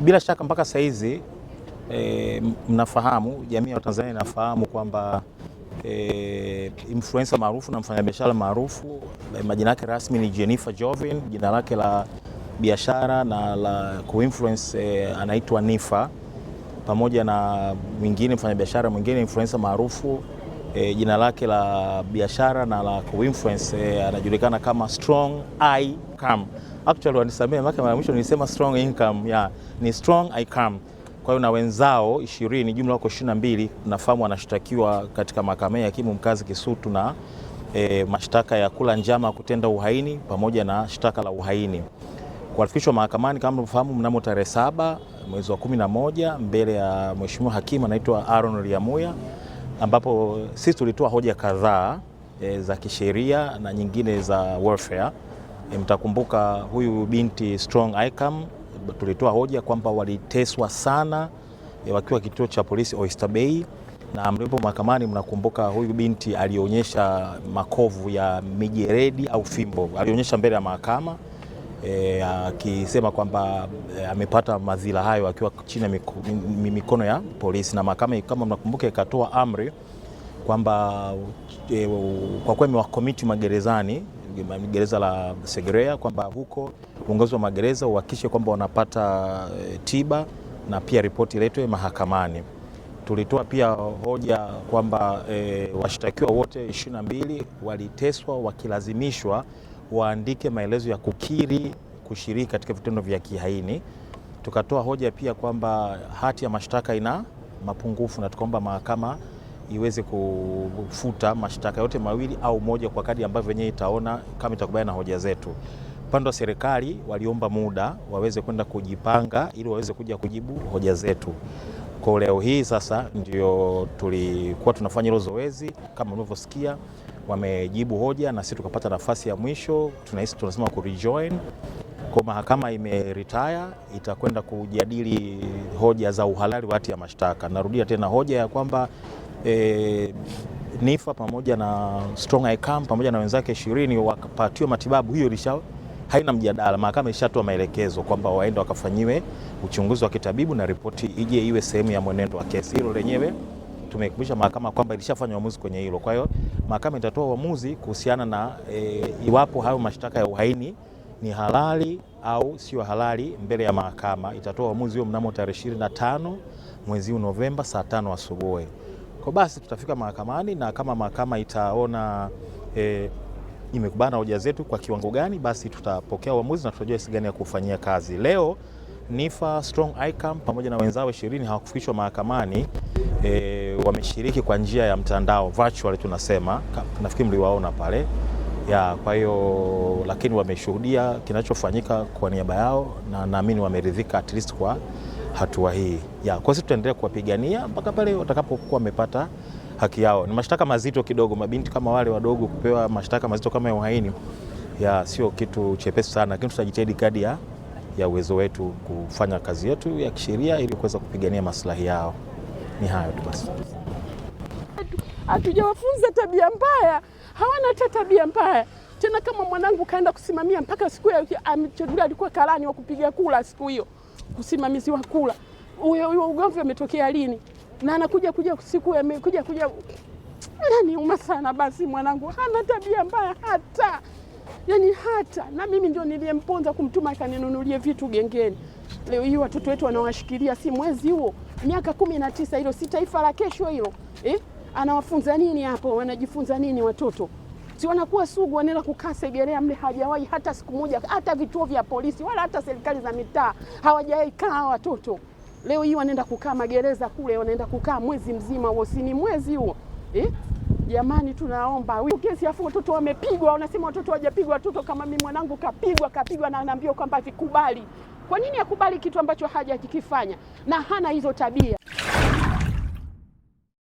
Bila shaka mpaka sasa hizi e, mnafahamu jamii ya Tanzania inafahamu kwamba e, influencer maarufu na mfanyabiashara maarufu eh, majina yake rasmi ni Jennifer Jovin, jina lake la biashara na la kuinfluence e, anaitwa Nifa, pamoja na mwingine mfanyabiashara mwingine influencer maarufu e, jina lake la biashara na la kuinfluence e, anajulikana kama Strong I Come. Actually wanisamee maka mara mwisho nilisema Strong Income yeah, ni Strong I Come. Kwa hiyo na wenzao 20 jumla wako 22 nafahamu wanashtakiwa katika mahakama ya hakimu mkazi Kisutu na e, mashtaka ya kula njama kutenda uhaini pamoja na shtaka la uhaini kuwafikishwa mahakamani kama mnafahamu mnamo tarehe saba mwezi wa kumi na moja mbele ya mheshimiwa hakimu anaitwa Aaron Lyamuya ambapo sisi tulitoa hoja kadhaa e, za kisheria na nyingine za welfare. E, mtakumbuka huyu binti Strong Icam tulitoa hoja kwamba waliteswa sana e, wakiwa kituo cha polisi Oyster Bay na mlipo mahakamani, mnakumbuka huyu binti alionyesha makovu ya mijeredi au fimbo, alionyesha mbele ya mahakama. E, akisema kwamba e, amepata madhila hayo akiwa chini ya mikono ya polisi, na mahakama kama mnakumbuka ikatoa amri kwamba e, kwa kuwa imewakomiti magerezani gereza la Segerea kwamba huko uongozi wa magereza uhakikishe kwamba wanapata e, tiba na pia ripoti iletwe mahakamani. Tulitoa pia hoja kwamba e, washtakiwa wote 22 waliteswa wakilazimishwa waandike maelezo ya kukiri kushiriki katika vitendo vya kihaini. Tukatoa hoja pia kwamba hati ya mashtaka ina mapungufu na tukaomba mahakama iweze kufuta mashtaka yote mawili au moja kwa kadri ambavyo wenyewe itaona kama itakubaliana na hoja zetu. Upande wa serikali waliomba muda waweze kwenda kujipanga ili waweze kuja kujibu hoja zetu. Kwa leo hii sasa ndio tulikuwa tunafanya hilo zoezi kama unavyosikia wamejibu hoja na sisi tukapata nafasi ya mwisho, tunahisi tunasema ku rejoin kwa mahakama retire, itakwenda kujadili hoja za uhalali wa hati ya mashtaka. Narudia tena hoja ya kwamba e, Nifa pamoja na Strong Icam pamoja na wenzake ishirini wakapatiwa matibabu, hiyo ilisha haina mjadala. Mahakama ishatoa maelekezo kwamba waende wakafanyiwe uchunguzi wa kitabibu na ripoti ije iwe sehemu ya mwenendo wa kesi. Hilo lenyewe tumekumbusha mahakama kwamba ilishafanya uamuzi kwenye hilo. Kwa hiyo mahakama itatoa uamuzi kuhusiana na e, iwapo hayo mashtaka ya uhaini ni halali au sio halali mbele ya mahakama. Itatoa uamuzi huo mnamo tarehe 25 mwezi Novemba saa tano asubuhi. Kwa basi tutafika mahakamani na kama mahakama itaona e, imekubana hoja zetu kwa kiwango gani, basi tutapokea uamuzi na tutajua jinsi gani ya kufanyia kazi leo Nifa Strong ICAM pamoja na wenzao ishirini hawakufikishwa mahakamani e, wameshiriki kwa njia ya mtandao virtual tunasema, nafikiri mliwaona pale ya. Kwa hiyo lakini wameshuhudia kinachofanyika kwa niaba yao, na naamini wameridhika at least kwa hatua hii ya. Kwa sisi tutaendelea kuwapigania mpaka pale watakapokuwa wamepata haki yao. Ni mashtaka mazito kidogo, mabinti kama wale wadogo kupewa mashtaka mazito kama ya uhaini ya sio kitu chepesi sana, lakini tutajitahidi kadi ya ya uwezo wetu kufanya kazi yetu ya kisheria ili kuweza kupigania maslahi yao. Ni hayo tu basi. Hatujawafunza tabia mbaya, hawana hata tabia mbaya tena. Kama mwanangu kaenda kusimamia mpaka siku amechaguliwa, alikuwa karani wa kupiga kula siku hiyo, usimamizi wa kula. Huyo ugomvi umetokea lini? na anakuja kuja siku amekuja kuja nani uma sana. Basi mwanangu hana tabia mbaya hata Yaani hata na mimi ndio niliyemponza kumtuma akaninunulie vitu gengeni. Leo hii watoto wetu wanawashikilia, si mwezi huo, miaka kumi na tisa. Hilo si taifa la kesho hilo eh? Anawafunza nini hapo? Wanajifunza nini watoto? Si wanakuwa sugu, wanaenda kukaa Segerea mle, hajawahi hata siku moja, hata vituo vya polisi wala hata serikali za mitaa hawajawahi kaa watoto. Leo hii wanaenda kukaa magereza kule, wanaenda kukaa mwezi mzima huo, si ni mwezi huo eh? Jamani, tunaomba kesi afu watoto wamepigwa, unasema watoto hawajapigwa. Watoto kama mimi, mwanangu kapigwa, kapigwa na anaambiwa kwamba vikubali. Kwa nini akubali kitu ambacho hajakikifanya na hana hizo tabia?